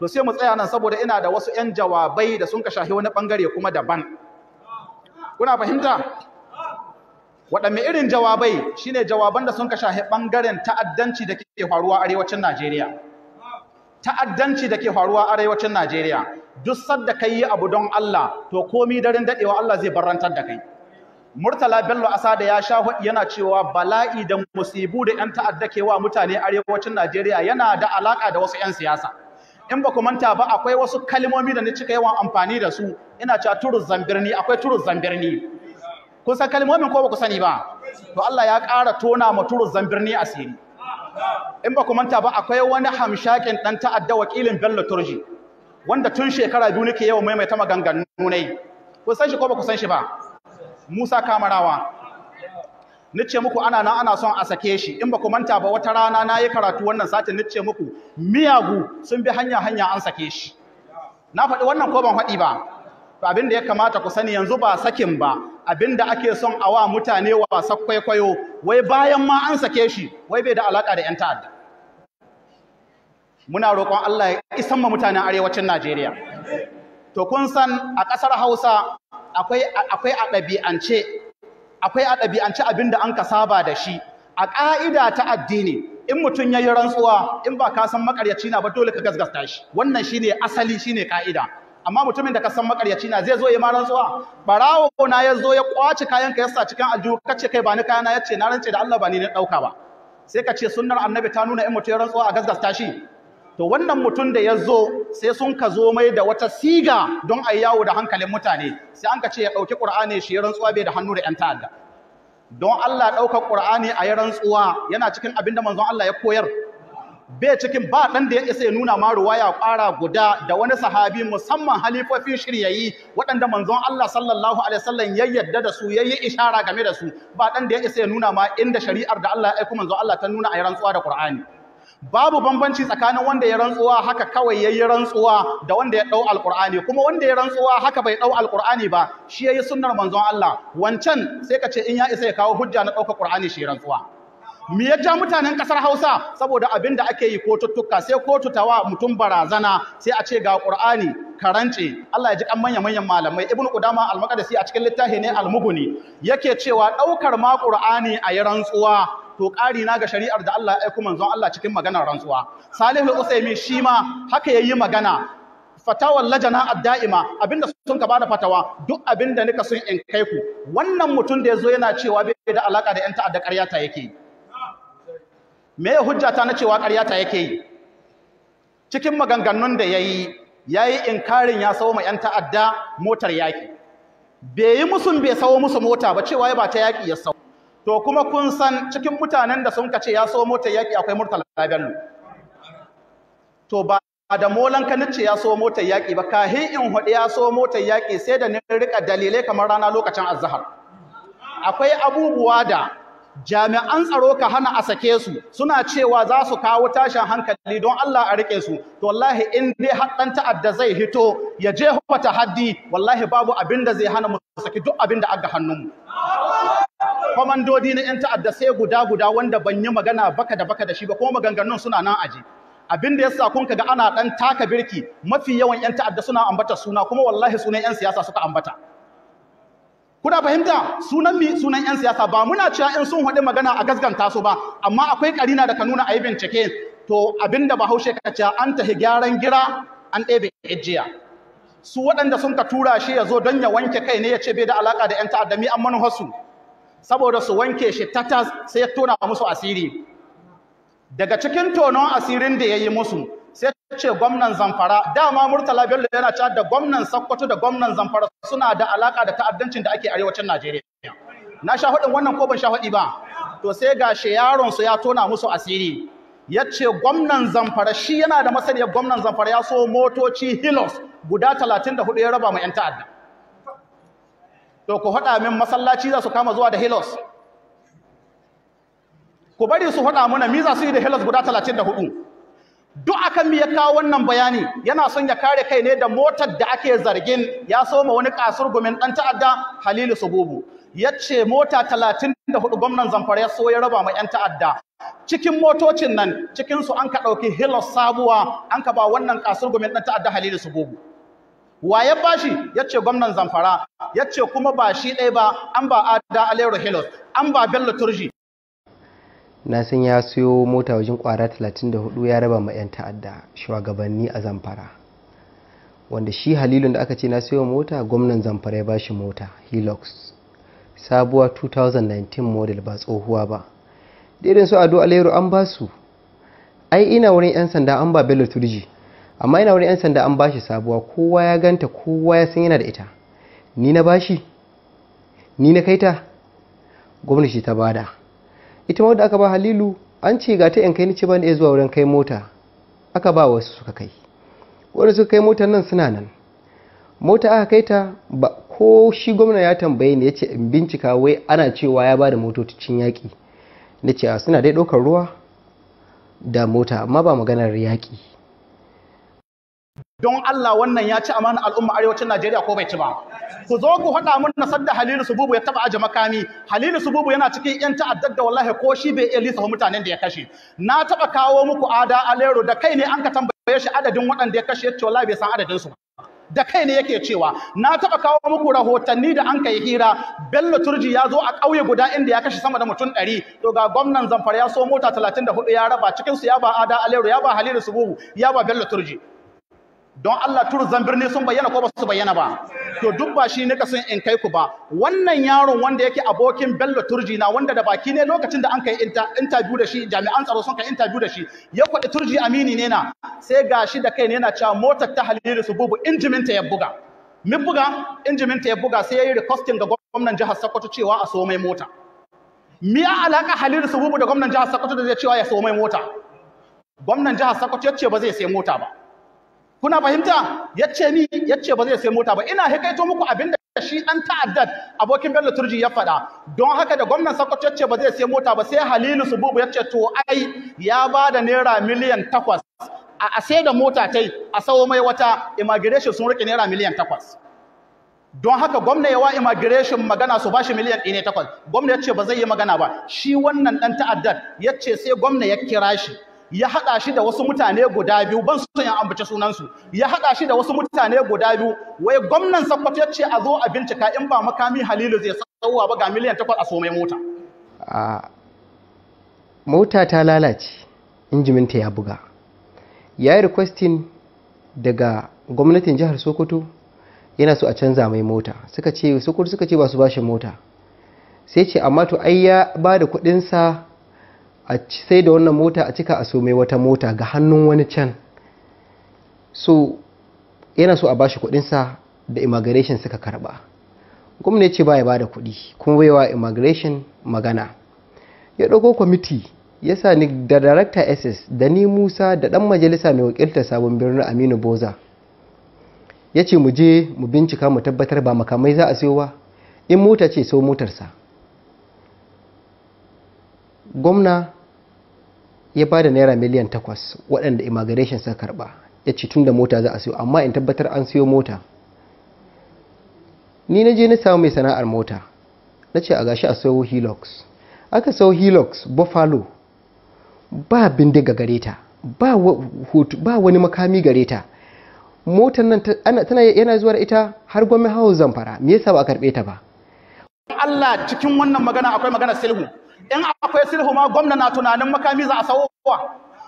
to sai mu tsaya nan saboda ina da wasu ƴan jawabai da sun ka shahi wani bangare kuma daban kuna fahimta waɗanne irin jawabai shine jawaban da sun ka shahi bangaren ta'addanci da ke faruwa arewacin Najeriya ta'addanci da ke faruwa arewacin Najeriya duk sadda kai yi abu don Allah to komi daren daɗewa Allah zai barantar da kai Murtala Bello Asada ya sha yana cewa bala'i da musibu da 'yan ta'adda ke wa mutane arewacin Najeriya yana da alaka da wasu 'yan siyasa in ba ku manta ba akwai wasu kalmomi da ni cika yawan amfani da su ina cewa turu zambirni akwai turu zambirni kun san kalmomin ko ba ku sani ba to Allah ya ƙara tona ma turu zambirni asiri in ba ku manta ba akwai wani hamshakin dan ta'adda wakilin Bello Turji wanda tun shekara biyu nake yawan maimaita maganganu ne kun san shi ko ba ku san shi ba Musa Kamarawa nace muku ana na ana son a sake shi in ba ku manta ba wata rana na yi karatu wannan satin nace muku miyagu sun bi hanya hanya an sake shi na faɗi wannan ko ban faɗi ba to abin da ya kamata ku sani yanzu ba sakin ba abin da ake son a wa mutane wasa kwaikwayo wai bayan ma an sake shi wai bai da alaka da 'yan ta'adda muna roƙon Allah ya isan ma mutanen arewacin Najeriya to kun san a ƙasar Hausa akwai a ɗabi'ance akwai a ɗabi'ance abin da an ka saba da shi a ƙa'ida ta addini in mutum ya yi rantsuwa in ba ka san makaryaci na ba dole ka gasgasta shi wannan shi ne asali shi ne ƙa'ida amma mutumin da ka san makaryaci na zai zo ya ma rantsuwa barawo na ya zo ya kwace kayan ka yasa cikin aljihu ka ce kai ba ni kayana ya ce na rance da Allah ba ni na ɗauka ba sai ka ce sunnar annabi ta nuna in mutum ya rantsuwa a gasgasta shi to wannan mutum da ya zo sai sun ka zo mai da wata siga don a yawo da hankalin mutane sai an ka ce ya ɗauki ƙur'ani shi ya rantsuwa bai da hannu da 'yan ta'adda don Allah ɗaukar ƙur'ani a yi rantsuwa yana cikin abin da manzon Allah ya koyar bai cikin ba ɗan da ya isa ya nuna ma ruwaya ƙwara guda da wani sahabi musamman halifofin shiryayi waɗanda manzon Allah sallallahu alaihi wasallam ya yadda da su ya yi ishara game da su ba ɗan da ya isa ya nuna ma inda shari'ar da Allah ya aiko manzon Allah ta nuna a yi rantsuwa da ƙur'ani. babu bambanci tsakanin wanda ya rantsuwa haka kawai yayi rantsuwa da wanda ya dau alqur'ani kuma wanda ya rantsuwa haka bai dau alqur'ani ba shi yayi sunnar manzon Allah wancan sai ka ce in ya isa ya kawo hujja na dauka qur'ani shi rantsuwa me ya ja mutanen kasar Hausa saboda abin da ake yi kotuttuka sai kotu tawa mutum barazana sai a ce ga qur'ani karance Allah ya ji kan manyan manyan malamai Ibn Qudama al-Maqdisi a cikin littafi ne al muguni yake cewa daukar ma Qur'ani a yi rantsuwa to ƙari na ga shari'ar da Allah ya aiko manzon Allah cikin maganar rantsuwa Salihu Usaimi shi ma haka yayi magana fatawar lajana adda'ima abinda sun ka bada fatawa duk abinda nika sun in kai ku wannan mutum da yazo yana cewa bai da alaka da yan ta'adda ƙarya ta yake me ya hujja ta na cewa ƙarya ta yake cikin maganganun da yayi yayi inkarin ya sawo ma yan ta'adda motar yaki bai yi musun bai sawo musu mota ba cewa ba ta yaki ya sawo to kuma kun san cikin mutanen da sun ce ya so mota yaki akwai murtala bello to ba da molan ka nace ya so mota yaƙi ba kahin in hudu ya so mota yaƙi sai da ni rika dalilai kamar rana lokacin azhar akwai abubuwa da jami'an tsaro ka hana a sake su suna cewa za su kawo tashin hankali don Allah a rike su to wallahi in dai haddan ta'adda zai hito ya je ta haddi, wallahi babu abin da zai hana mu saki duk abin da aga hannunmu komandodi na yan ta'adda sai guda guda wanda ban yi magana baka da baka da shi ba kuma maganganun suna nan aje abin da yasa kun kaga ana dan taka birki mafi yawan yan ta'adda suna ambata suna kuma wallahi sunan yan siyasa suka ambata kuna fahimta sunan mi sunan yan siyasa ba muna cewa in sun haɗe magana a gasganta su ba amma akwai karina da ka nuna a yi bincike to abinda bahaushe ka ce an tahi gyaran gira an ɗebe ejiya su waɗanda sun ka tura shi ya zo don ya wanke kai ne ya ce bai da alaka da 'yan ta'addami an manuharsu saboda su wanke shi tatas sai ya tona musu asiri daga cikin tonon asirin da ya yi musu sai ce gwamnan zamfara dama murtala bello yana ca da gwamnan sakkwato da gwamnan zamfara suna da alaka da ta'addancin da ake arewacin najeriya na sha hudin wannan ko ban sha hudi ba to sai ga shi yaron su ya tona musu asiri ya ce gwamnan zamfara shi yana da masaniyar gwamnan zamfara ya so motoci hilos guda 34 ya raba ma 'yan ta'adda to ku haɗa min masallaci za su kama zuwa da hilos ku bari su haɗa muna mi za su yi da hilos guda hudu. duk akan me ya kawo wannan bayani yana son ya kare kai ne da motar da ake zargin ya soma wani kasurgumin dan ta'adda Halilu Sububu yace mota 34 gwamnan Zamfara ya so ya raba ma yan ta'adda cikin motocin nan cikin su an ka dauki Hilal Sabuwa an ka ba wannan kasurgumin dan ta'adda Halilu Sububu wa ya bashi yace gwamnan Zamfara yace kuma ba shi ɗaya ba an ba Ada alero Hilal an ba Bello Turji na san ya siyo mota wajen kwara 34 ya raba ma 'yan ta'adda shugabanni a zamfara wanda shi halilun da aka ce na siyo mota gwamnan zamfara ya ba shi mota hilux sabuwa 2019 model ba tsohuwa ba ɗirin su ado alairu an ba su ai ina wurin 'yan sanda an ba bello turji amma ina wurin 'yan sanda an bashi sabuwa kowa ya ganta kowa ya san yana da ita ni na bashi ni na kaita gwamnati ta bada ita ma wadda aka ba halilu an ce ga ta yan kai ni ce ban iya zuwa wurin kai mota aka ba wasu suka kai wanda suka kai motar nan suna nan mota aka kai ta ba ko shi gwamna ya tambaye ni ya ce in bincika wai ana cewa ya ba da motocin yaƙi na ce suna dai ɗaukar ruwa da mota amma ba maganar yaƙi don Allah wannan ya ci amanar al'umma arewacin Najeriya ko bai ci ba ku zo ku faɗa mun na sadda Halilu Sububu ya taba aje makami Halilu Sububu yana cikin yan ta'addar da wallahi ko shi bai iya lisa mutanen da ya kashe na taba kawo muku ada alero da kai ne an ka tambaye shi adadin waɗanda ya kashe yace wallahi bai san adadin su da kai ne yake cewa na taba kawo muku rahotanni da an kai hira Bello Turji ya zo a kauye guda inda ya kashe sama da mutum ɗari to ga gwamnan Zamfara ya so mota 34 ya raba cikin su ya ba ada alero ya ba Halilu Sububu ya ba Bello Turji don Allah turu birni sun bayyana ko ba su bayyana ba to duk ba shi ka san in kai ku ba wannan yaron wanda yake abokin Bello Turji na wanda da baki ne lokacin da an kai interview da shi jami'an tsaro sun kai interview da shi ya kwaɗi Turji Amini ne na sai gashi da kai ne yana cewa motar ta Halilu Sububu injimin ta ya buga min buga injimin ta ya buga sai yayi requesting ga gwamnan jihar Sokoto cewa a so mai mota me ya alaka Halilu Sububu da gwamnan jihar Sokoto da zai cewa ya so mai mota gwamnan jihar Sokoto ya ce ba zai sai mota ba kuna fahimta yace ni yace ba zai sai mota ba ina hikaito muku abin da shi dan ta'addad abokin Bello Turji ya faɗa don haka da gwamnan Sokoto yace ba zai sai mota ba sai Halilu Sububu yace to ai ya ba da naira miliyan 8 a sai da mota tai a sawo mai wata immigration sun rike naira miliyan 8 don haka gwamna yawa immigration magana su bashi miliyan ɗaya ne takwas gwamna ya ba zai yi magana ba shi wannan ɗan ta'addar yace sai gwamna ya kira shi ya haɗa shi da wasu mutane guda biyu ban son ya ambaci sunansu ya haɗa shi da wasu mutane guda biyu wai gwamnan sakkwato ya ce a zo a bincika in ba makami halilu zai sauwa ba ga miliyan takwas a somai mota mota ta lalace injiminta ya buga ya yi requesting daga gwamnatin jihar sokoto yana so a canza mai mota suka ce sokoto suka ce ba su ba shi mota sai ce amma to ai ya ba da kuɗinsa a sai da wannan mota a cika a so mai wata mota ga hannun wani can so yana so a ba bashi kudinsa da immigration suka karba gwamna ya ce ba ya ba da kudi kuma yawa immigration magana ya ɗauko kwamiti ya sa ni da director ss da ni musa da ɗan majalisa mai wakiltar sabon birnin aminu boza ya ce mu je mu bincika mu tabbatar ba makamai za a siyo ba in mota ce so motarsa gwamna ya ba da naira miliyan takwas waɗanda immigration suka karba ya ce tun da mota za a siyo amma in tabbatar an siyo mota ni na je na samu mai sana'ar mota na ce a gashi a sayo hilux aka sayo hilux buffalo ba bindiga gare ta ba, ba wani makami gare ta motar nan tana yana zuwa da ita har gwamnati hawa zamfara me yasa ba a karbe ta ba Allah cikin wannan magana akwai magana silhu. in akwai sulhu ma gwamna na tunanin makami za a sauwa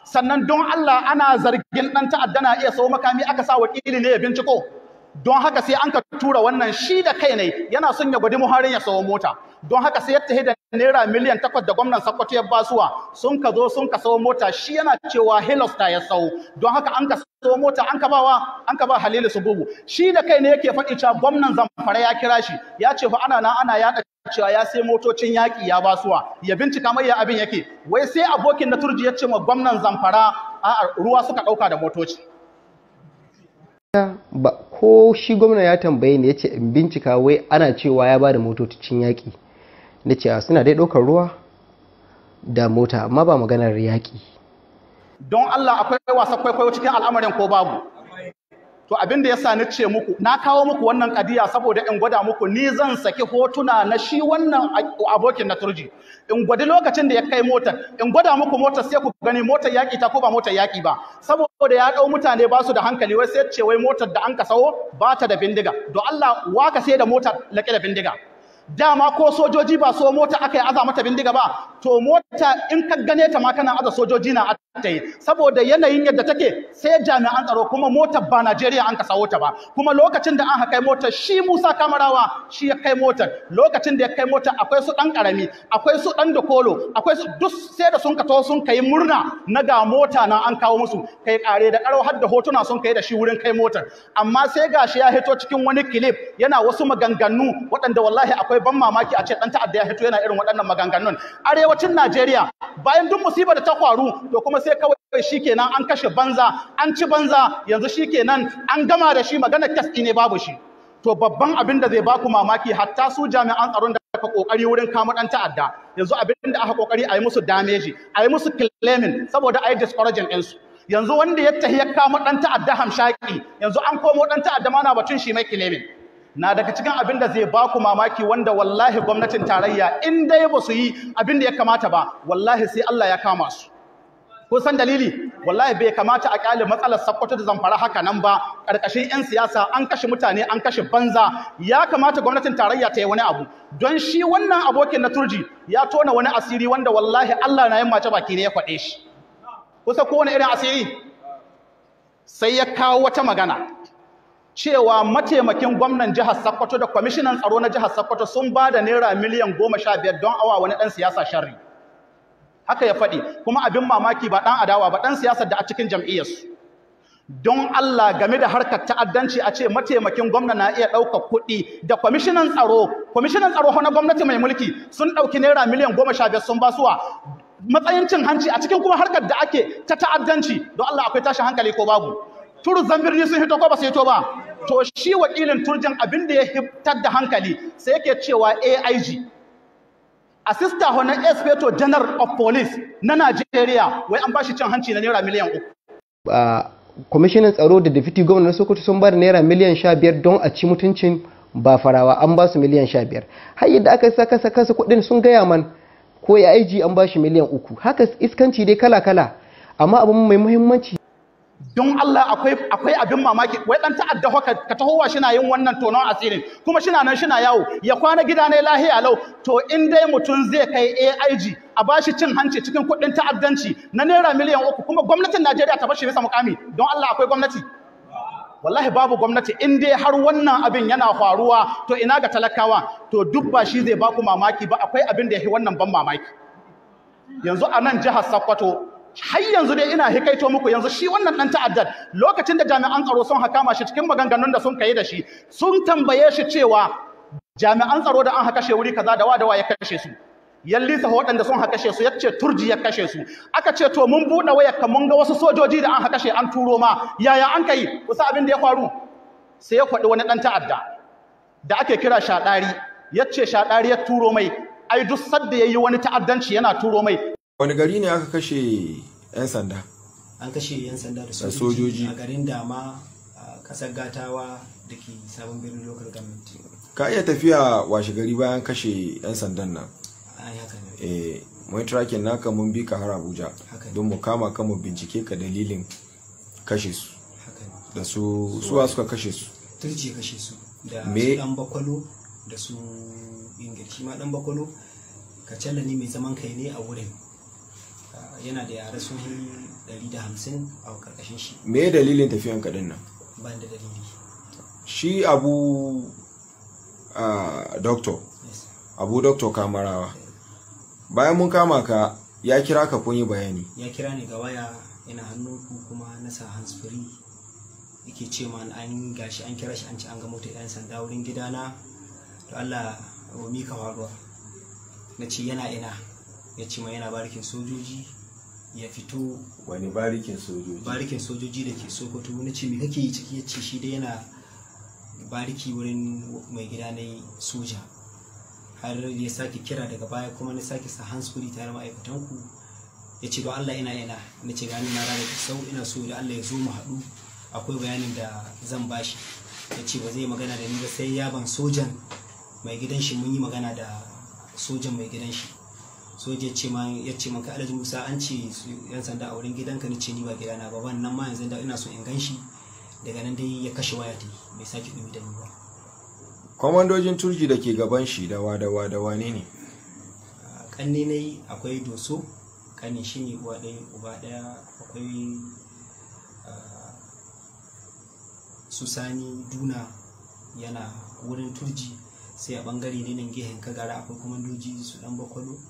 sannan don Allah ana zargin dan ta'adda na iya sau makami aka sa wakili ne ya binciko don haka sai an ka tura wannan shi da kai ne yana son ya gwadi muharin ya sawo mota don haka sai ya tahi da naira miliyan takwas da gwamnan sakkwato ya basuwa sun ka zo sun ka sawo mota shi yana cewa helos ta ya sawo don haka an ka sawo mota an ka ba wa? an ka ba halilu subugu shi da kai ne yake faɗi cewa gwamnan zamfara ya kira shi ya ce fa ana na ana yaɗa cewa ya sai motocin yaki ya basuwa ya bincika mai ya abin yake wai sai abokin na turji ya ce ma gwamnan zamfara a'a ruwa suka ɗauka da motoci ba ko shi gwamna ya tambaye ne ya ce in bincika wai ana cewa ya ba da motocin yaƙi na ce suna dai ɗaukar ruwa da mota amma ba maganar yaƙi don Allah akwai wasa kwaikwayo cikin al'amarin ko babu to abin da yasa ni ce muku na kawo muku wannan kadiya saboda in gwada muku ni zan saki hotuna na shi wannan abokin na turji in gwadi lokacin da ya kai motar in gwada muku motar sai ku gani motar yaki ta ko ba motar yaki ba saboda ya dau mutane ba su da hankali wai sai ce wai motar da an ka sawo ba ta da bindiga don Allah waka sai da motar laƙe da bindiga dama ko sojoji ba so mota aka yi aza mata bindiga ba to mota in ka gane ta ma kana aza sojoji na ta yi saboda yanayin yadda take sai jami'an tsaro kuma motar ba Najeriya an kasawo ta ba kuma lokacin da aka kai motar shi Musa Kamarawa shi ya kai motar lokacin da ya kai motar akwai su dan karami akwai su dan dokolo akwai su duk sai da sun kato sun kai murna na ga mota na an kawo musu kai kare da karo har da hotuna sun kai da shi wurin kai motar amma sai gashi ya hito cikin wani clip yana wasu maganganu waɗanda wallahi akwai akwai ban mamaki a ce dan ta'adda ya hito yana irin waɗannan maganganun arewacin Najeriya bayan duk musibar da ta faru to kuma sai kawai shikenan an kashe banza an ci banza yanzu shikenan an gama da shi magana kaski ne babu shi to babban abin da zai baku mamaki hatta su jami'an tsaron da aka kokari wurin kamo dan ta'adda yanzu abin da aka kokari ayi musu damage ayi musu claiming saboda a yi discouraging su yanzu wanda ya tahi ya kamo dan ta'adda hamshaki yanzu an komo dan ta'adda mana batun shi mai claiming na daga cikin abin da zai ba ku mamaki wanda wallahi gwamnatin tarayya in dai ba su yi abin da ya kamata ba wallahi sai Allah ya kama su ko san dalili wallahi bai kamata a kyale matsalar sakkwato da zamfara haka nan ba karkashin yan siyasa an kashe mutane an kashe banza ya kamata gwamnatin tarayya ta yi wani abu don shi wannan abokin na turji ya tona wani asiri wanda wallahi Allah na yin mace baki ne ya kwaɗe shi kusa kowane irin asiri sai ya kawo wata magana cewa mataimakin gwamnan jihar Sokoto da kwamishinan tsaro na jihar Sokoto sun ba da naira miliyan goma sha biyar don awa wani dan siyasa sharri. Haka ya faɗi, kuma abin mamaki ba dan adawa ba dan siyasar da a cikin jam'iyyarsu. Don Allah game da harkar ta'addanci a ce mataimakin gwamna na iya ɗaukar kuɗi da kwamishinan tsaro, kwamishinan tsaro na gwamnati mai mulki sun ɗauki naira miliyan goma sha biyar sun basuwa matsayin cin hanci a cikin kuma harkar da ake ta ta'addanci don Allah akwai tashin hankali ko babu. turzan birni sun hito ko ba su hito ba to shi wakilin turjan abinda ya hitar da hankali sai yake cewa AIG assista honan inspector general of police na nigeria wai an bashi cin hanci na naira miliyan uku kwamishinan tsaro da deputy governor Sokoto sun bada naira miliyan sha biyar don a ci mutuncin ba farawa an ba su miliyan sha biyar har yadda aka saka saka su kuɗin sun gaya man ko ya aiji an ba shi miliyan uku haka iskanci dai kala kala amma abin mai muhimmanci don Allah akwai abin mamaki wai dan ta'adda haka ka tahowa shina yin wannan tonon asirin kuma shina nan shina yawo ya kwana gida lahiya lau to in dai mutum zai kai AIG a bashi cin hanci cikin kuɗin ta'addanci na naira miliyan uku kuma gwamnatin Najeriya ta bashi bisa mukami don Allah akwai gwamnati wallahi babu gwamnati in dai har wannan abin yana faruwa to ina ga talakawa to duk ba shi zai baku mamaki ba akwai abin da ya yake wannan ban mamaki yanzu a nan jihar Sokoto har yanzu dai ina hikaito muku yanzu shi wannan dan ta'addad lokacin da jami'an tsaro sun hakama shi cikin maganganun da sun kai da shi sun tambaye shi cewa jami'an tsaro da an haka shi wuri kaza da wa da wa ya kashe su yallisa waɗanda sun haka su ya ce turji ya kashe su aka ce to mun buɗe wayar ka mun ga wasu sojoji da an haka an turo ma yaya an kai kusa abin da ya faru sai ya kwaɗi wani ɗan ta'adda da ake kira shaɗari ya ce shaɗari ya turo mai ai duk sadda ya yi wani ta'addanci yana turo mai wani gari ne aka kashe 'yan sanda an kashe 'yan sanda da sojoji a garin dama a kasar gatawa da ke sabon birnin local government ka iya tafiya washe gari bayan kashe 'yan sandan nan eh mai tracking naka mun bi ka har abuja don mu kama kan mu bincike ka dalilin kashe su da su suwa suka kashe su turji kashe su da su dan bakwalo da su ingilishi ma dan bakwalo ka ne mai zaman kai ne a wurin yana da yare da 150 a karkashin shi me dalilin tafiyan kaɗin nan ban da dalili shi abu a doktor abu doktor kamarawa bayan mun kama ka ya kira ka kun yi bayani ya kira ni ga waya yana ku kuma na sa hands free yake ce ma an gashi an kira shi an ci an ga mota yan sanda wurin gidana to Allah wa mika faruwa na ce yana ina ya ce ma yana barikin sojoji ya fito wani barikin sojoji barikin sojoji da ke sokoto wani ce me kake yi ciki yace shi dai yana bariki wurin mai gida na soja har ya sake kira daga baya kuma na sake sa hanskuri tare ma'aikatan ku ya ce don Allah ina ina na ce gani na rana sau ina so da Allah ya zo mu haɗu akwai bayanin da zan bashi ya ce ba zai magana da ni ba sai yaban sojan mai gidan shi mun yi magana da sojan mai gidan shi soja ce ma ya ce maka alhaji musa an ce yan sanda a wurin gidanka ni ce ni ba gidana ba wannan ma yanzu da ina so in ganshi daga nan dai ya kashe waya tai bai saki dumi da ni ba komandojin turji da ke gaban shi da wada wada wane ne kanne na akwai doso kane shine uwa dai uba daya akwai susani duna yana wurin turji sai a bangare ne nan gehen gara akwai kwamandoji su dan bakwalo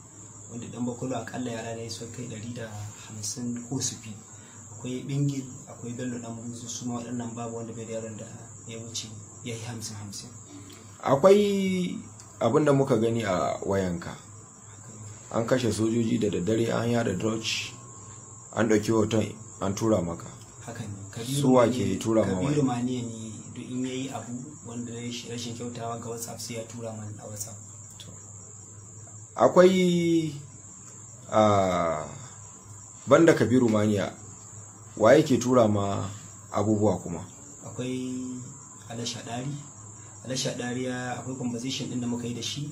wanda dan bakwalo akalla yara ne sun kai 150 ko su fi akwai bingil akwai bello dan buzu su ma waɗannan babu wanda bai da yaron da ya wuce ya yi hamsin hamsin akwai abin da muka gani a wayanka an kashe sojoji da daddare an yada dodge an ɗauki hoton an tura maka suwa ke tura ma wani kabiru maniya ne duk in yayi abu wanda rashin kyautawa ga whatsapp sai ya tura mana a whatsapp akwai a banda kabiru maniya wa yake tura ma abubuwa kuma akwai alashadari alashadari akwai composition din da muka yi da shi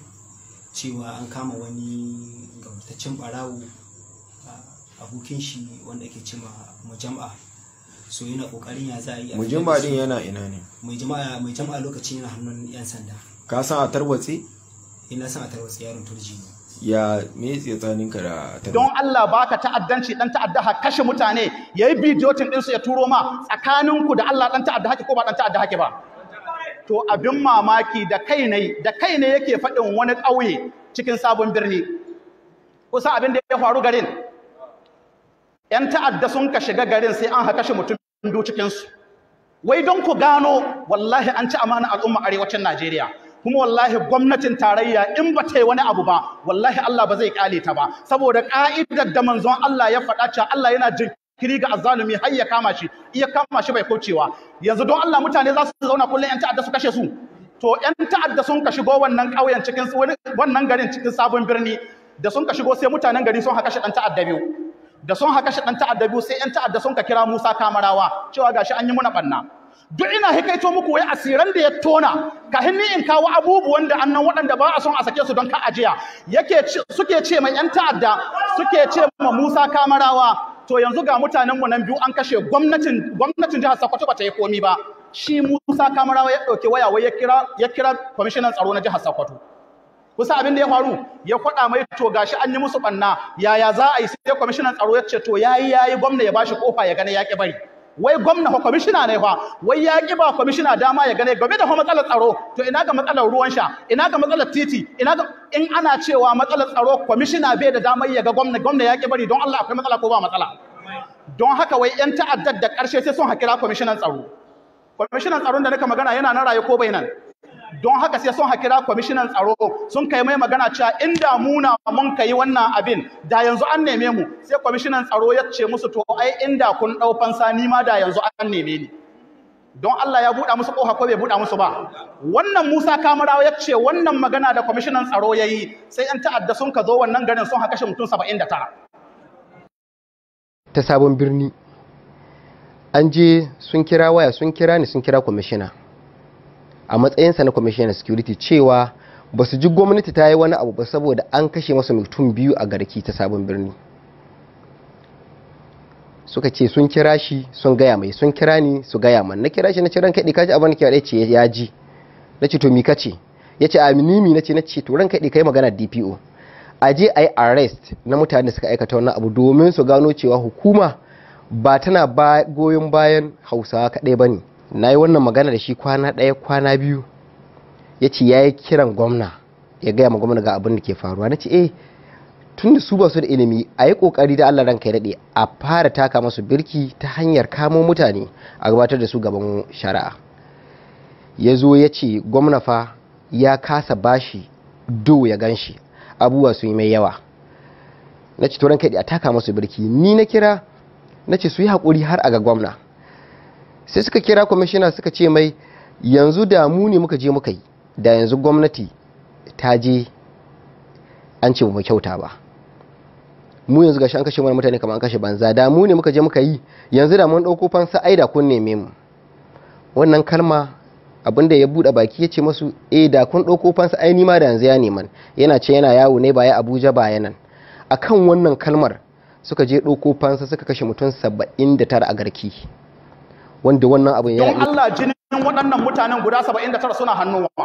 cewa an kama wani gabataccen barawo abokin shi wanda ake cima mujam'a so yana kokarin ya za a yi mujam'a din yana ina ne jama'a lokacin yana hannun yan sanda ka san a tarwatse ina san a tarwatse yaron turji ne ya me ka da don Allah baka ta'addanci dan ta'adda ha kashe mutane yayi bidiyo tin din ya turo ma tsakaninku da Allah dan ta'adda hake ko ba dan ta'adda hake ba to abin mamaki da kai ne da kai ne yake faɗin wani kauye cikin sabon birni kusa abin da ya faru garin yan ta'adda sun ka shiga garin sai an ha mutum du cikin su wai don ku gano wallahi an ci amana al'umma arewacin Najeriya kuma wallahi gwamnatin tarayya in ba ta yi wani abu ba wallahi Allah ba zai kale ta ba saboda ka'idar da manzon Allah ya faɗa cewa Allah yana jin kiri ga azzalumi har ya kama shi iya kama shi bai kaucewa yanzu don Allah mutane za su zauna kullum yan ta'adda su kashe su to yan ta'adda sun ka shigo wannan ƙauyen cikin wannan garin cikin sabon birni da sun ka shigo sai mutanen gari sun haka shi dan ta'adda biyu da sun haka shi dan ta'adda biyu sai yan ta'adda sun ka kira Musa Kamarawa cewa gashi an yi muna banna duk ina hikaito muku wai asiran da ya tona ka ni in kawo abubuwan da annan waɗanda ba a son a sake su don ka ajiya yake suke ce mai yan ta'adda suke ce ma Musa Kamarawa to yanzu ga mutanen mu nan biyu an kashe gwamnatin jihar Sokoto ba ta yi komi ba shi Musa Kamarawa ya dauke waya wai ya kira kwamishinan tsaro na jihar Sokoto kusa abin da ya faru ya kwaɗa mai to gashi an yi musu banna yaya za a yi sai kwamishinan tsaro ya ce to yayi yayi gwamna ya bashi kofa ya gane ya ki bari wai gwamna ko kwamishina ne fa wai ya ba kwamishina dama ya gane game da matsalar tsaro to ina ga matsalar ruwan sha ina ga matsalar titi ina ga in ana cewa matsalar tsaro kwamishina bai da damar ya ga gwamna gwamna ya bari don Allah akwai matsala ko ba matsala don haka wai yan ta'addar da karshe sai sun hakira kwamishinan tsaro kwamishinan tsaron da nake magana yana nan raye ko bai nan don haka sai sun hakira kwamishinan tsaro sun kai mai magana cewa in da muna mun kai wannan abin da yanzu an neme mu sai kwamishinan tsaro ya ce musu to ai inda kun dau fansa ni ma da yanzu an neme ni don Allah ya buɗa musu ƙofa ko bai buɗa musu ba wannan Musa Kamarawa ya ce wannan magana da kwamishinan tsaro ya yi sai 'yan ta'adda sun ka zo wannan garin sun haka shi mutum 79 ta sabon birni an je sun kira waya sun kira ni sun kira kwamishina a matsayinsa na commissioner security cewa ba su ji gwamnati ta yi wani abu ba saboda an kashe masa mutum biyu a garki ta sabon birni suka ce sun kira shi sun gaya mai sun kira ni su gaya man na kira shi na ciran kaɗi kaji abin kiwa ce ya ji na ce to mi ka ce ya ce a minimi na ce na ce to kaɗi kai magana dpo a je a yi arrest na mutane suka aikata wannan abu domin su gano cewa hukuma ba tana goyon bayan hausawa kaɗai ba ne na yi wannan magana da shi kwana ɗaya kwana biyu ya ce ya yi kiran gwamna ya gaya ma gwamna ga abin da ke faruwa na ce eh tun da su ba su da ilimi a yi kokari da allah ranka ya daɗe a fara taka masu birki ta hanyar kamo mutane a gabatar da su gaban shari'a ya zo ya ce gwamna fa ya kasa bashi do ya gan shi abubuwa sun yi mai yawa na ce to ranka a taka masu birki ni na kira na ce su yi haƙuri har a ga gwamna sai suka kira kwamishina suka ce mai yanzu da mu ne muka je muka yi da yanzu gwamnati ta je an ce mu kyauta ba mu yanzu gashi an kashe mana mutane kamar an kashe banza da mu ne muka je muka yi yanzu da mun dauko fansa ai da kun neme mu wannan kalma abinda ya buɗe baki ya ce masu eh da kun dauko fansa ai ni da yanzu ya neman yana ce yana yawo ne ba ya abuja ba yanan akan wannan kalmar suka je ɗauko fansa suka kashe mutum saba'in da tara a garki wanda wannan abin ya yi Allah jinin waɗannan mutanen guda 79 suna hannun wa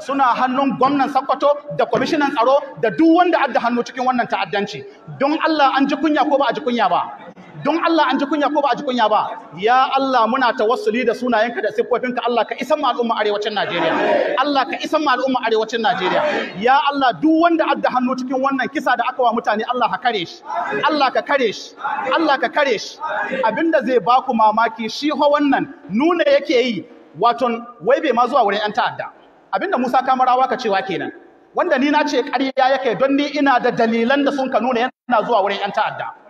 suna hannun gwamnan Sakkwato, da kwamishinan tsaro da duk wanda adda hannu cikin wannan ta'addanci don Allah an ji kunya ko ba a ji kunya ba don Allah an ji kunya ko ba a ji kunya ba ya Allah muna tawassuli da sunayenka da siffofinka Allah ka isan ma al'umma arewacin Najeriya Allah ka isan ma al'umma arewacin Najeriya ya Allah duk wanda adda hannu cikin wannan kisa da aka wa mutane Allah ka kare shi Allah ka kare shi Allah ka kare shi abinda zai baku mamaki shi ho wannan nuna yake yi waton wai bai ma zuwa wurin yan ta'adda abinda Musa Kamarawa ka cewa kenan wanda ni na ce ƙarya yake don ni ina da dalilan da sun ka nuna yana zuwa wurin yan ta'adda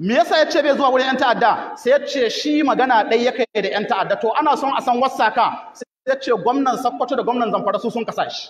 me yasa ya ce bai zuwa wurin 'yan ta'adda sai ya ce shi magana ɗaya ya kai da 'yan ta'adda to ana son a san ka sai ya ce gwamnan sakkwato da gwamnan zamfara su sun kasa shi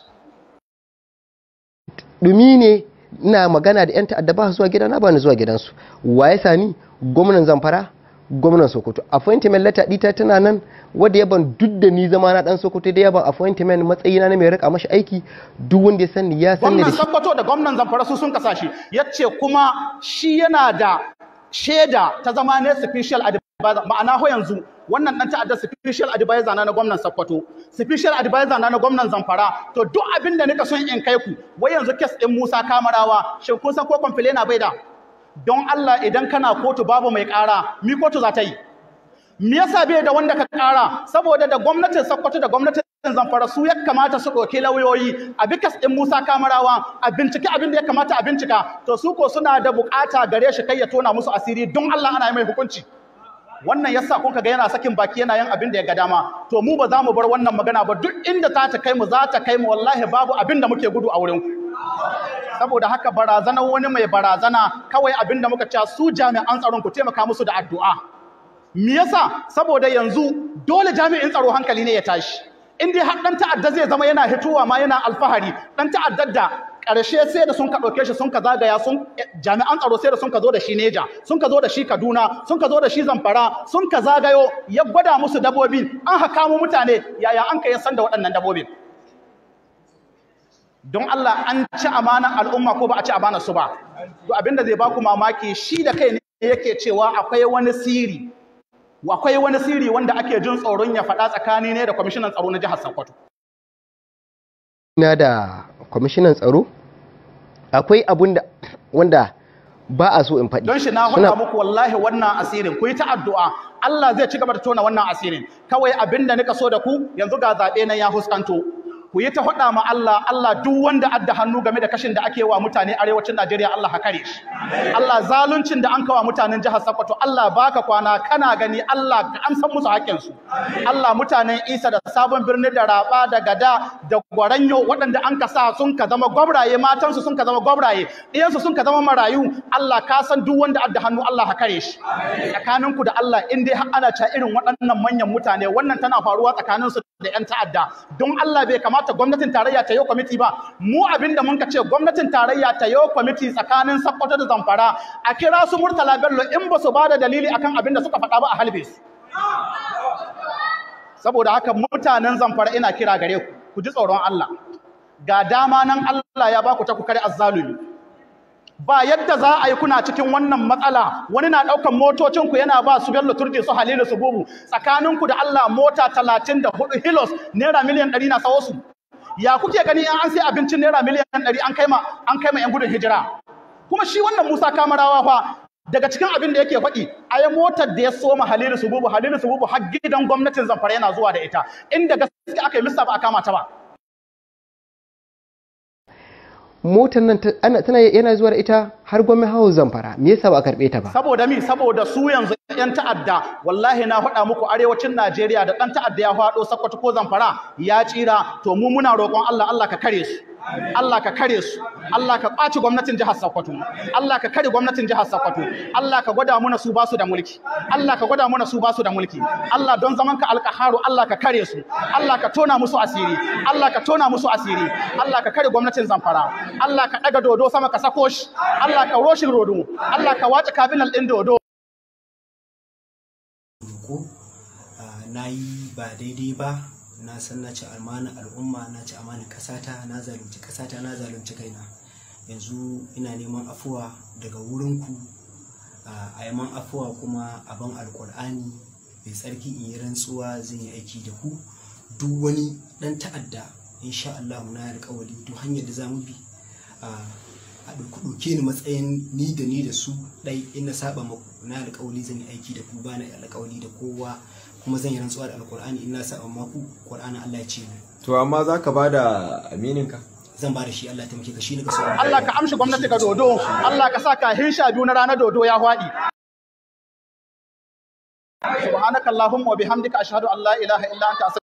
dumi ne ina magana da 'yan ta'adda ba zuwa gidana ba ni zuwa gidansu wa ya sani gwamnan zamfara gwamnan sokoto appointment letter ta tana nan wadda ya ban duk da ni zama na dan sokoto da ya ban appointment matsayina na mai rika mashi aiki duk wanda ya sani ya sani da gwamnan sokoto da gwamnan zamfara su sun kasa shi ce kuma shi yana da shaida ta zama ne special advisor ma'ana ho yanzu wannan dan ta'addar special advisor na na gwamnan Sokoto special advisor na na gwamnan Zamfara to duk abin da nika son in kai ku wai yanzu case din Musa Kamarawa shin kun san ko complain bai da don Allah idan kana kotu babu mai kara mi kotu za ta yi me yasa bai da wanda ka kara saboda da gwamnatin Sokoto da gwamnatin zamfara su ya kamata su ɗauki lauyoyi a bikas ɗin Musa Kamarawa a binciki abin da ya kamata a bincika to su ko suna da bukata gare shi kai ya tona musu asiri don Allah ana mai hukunci wannan yasa kun ga yana sakin baki yana yin abin da ya ga dama to mu ba za mu bar wannan magana ba duk inda ta ta kai mu za ta kai mu wallahi babu abin da muke gudu a wurin saboda haka barazanar wani mai barazana kawai abin da muka cewa su jami'an tsaron ku taimaka musu da addu'a me yasa saboda yanzu dole jami'in tsaro hankali ne ya tashi in dai har dan ta'adda zai zama yana hituwa ma yana alfahari dan ta'adda da ƙarshe sai da sun ka ɗauke shi sun ka zagaya sun eh, jami'an tsaro sai da sun ka zo da shi Neja sun ka zo da shi Kaduna sun ka zo da shi Zamfara sun ka zagayo ya gwada musu dabobin an haka mu mutane yaya an ka ya san da waɗannan dabobin don Allah an ci amanar al'umma ko ba a ci amanar su ba to abinda zai ba ku mamaki shi da kai ne yake cewa akwai wani siri akwai wani siri wanda ake jin tsoron ya faɗa tsakani ne da kwamishinan tsaro na jihar Sokoto ina da kwamishinan tsaro akwai abun da wanda ba a so in faɗi don shi na faɗa muku wallahi wannan asirin ku yi ta addu'a Allah zai ci gaba da tona wannan asirin kawai abin da nika so da ku yanzu ga zaɓe nan ya huskanto ku yi ta faɗa ma Allah Allah duk wanda adda hannu game da kashin da ake wa mutane arewacin Najeriya Allah hakare shi Allah zaluncin da an kawa mutanen jihar Sokoto Allah baka kwana kana gani Allah an san musu hakkin su Allah mutanen Isa da sabon birni da raba da gada da gwaranyo waɗanda an ka sa sun ka zama gwabraye matansu sun ka zama gwabraye ɗiyan sun ka zama marayu Allah ka san duk wanda adda hannu Allah hakare shi tsakaninku da Allah in dai ana ca irin waɗannan manyan mutane wannan tana faruwa tsakaninsu da 'yan ta'adda don Allah bai kamata gwamnatin tarayya ta yi kwamiti ba mu abin da mun ce gwamnatin tarayya ta yi kwamiti tsakanin Sakkwato da Zamfara a kira su Murtala Bello in ba su ba da dalili akan abin da suka faɗa ba a halbe saboda haka mutanen Zamfara ina kira gare ku ku ji tsoron Allah ga dama nan Allah ya ba ku ta ku kare azzalumi ba yadda za a yi kuna cikin wannan matsala wani na ɗaukan motocinku yana ba su bello turdi su halilu su bubu tsakaninku da Allah mota talatin da hudu hilos naira miliyan ɗari na sawo su ya kuke gani in an sai abincin naira miliyan ɗari an kaima an kaima yan gudun hijira kuma shi wannan Musa Kamarawa fa daga cikin abin da yake faɗi ai motar da ya soma halilu su bubu halilu su bubu har gidan gwamnatin Zamfara yana zuwa da ita inda gaskiya aka yi ba a kama ta ba motar nan tana yana zuwa ita har gwamnati hawan zamfara me yasa ba a karbe ta ba saboda mi saboda su yanzu yan ta'adda wallahi na faɗa muku arewacin Najeriya da ɗan ta'adda ya faɗo Sokoto ko Zamfara ya tsira to mu muna roƙon Allah Allah ka kare su Allah ka kare su Allah ka ɓaci gwamnatin jihar Sokoto Allah ka kare gwamnatin jihar Sokoto Allah ka gwada mana su ba su da mulki Allah ka gwada mana su ba su da mulki Allah don zaman ka alƙaharu Allah ka kare su Allah ka tona musu asiri Allah ka tona musu asiri Allah ka kare gwamnatin Zamfara Allah ka ɗaga dodo sama ka sako shi Allah ka roshi rodo Allah ka wace kabinal ɗin dodo na yi ba daidai ba na san na ci amanar al'umma na ci amana kasata na zalunci kasata na zalunci kaina yanzu ina neman afuwa daga wurinku a yaman afuwa kuma a ban alkur'ani mai tsarki in yi rantsuwa zan yi aiki da ku duk wani dan ta'adda insha Allah na alƙawari duk hanyar da za mu bi a ɗauke ni matsayin ni da ni da su ɗai ina saba maku na alƙawari zan yi aiki da ku ba na alƙawari da kowa kuma zan yi rantsuwa da alkur'ani in na sa amma ku qur'ani Allah ya ce to amma zaka bada aminin ka zan bada shi Allah taimake ka shi ne ka so Allah ka amshi gwamnati ka dodo Allah ka saka hinsha biyu na rana dodo ya hwadi subhanakallahumma wa bihamdika ashhadu an la ilaha illa anta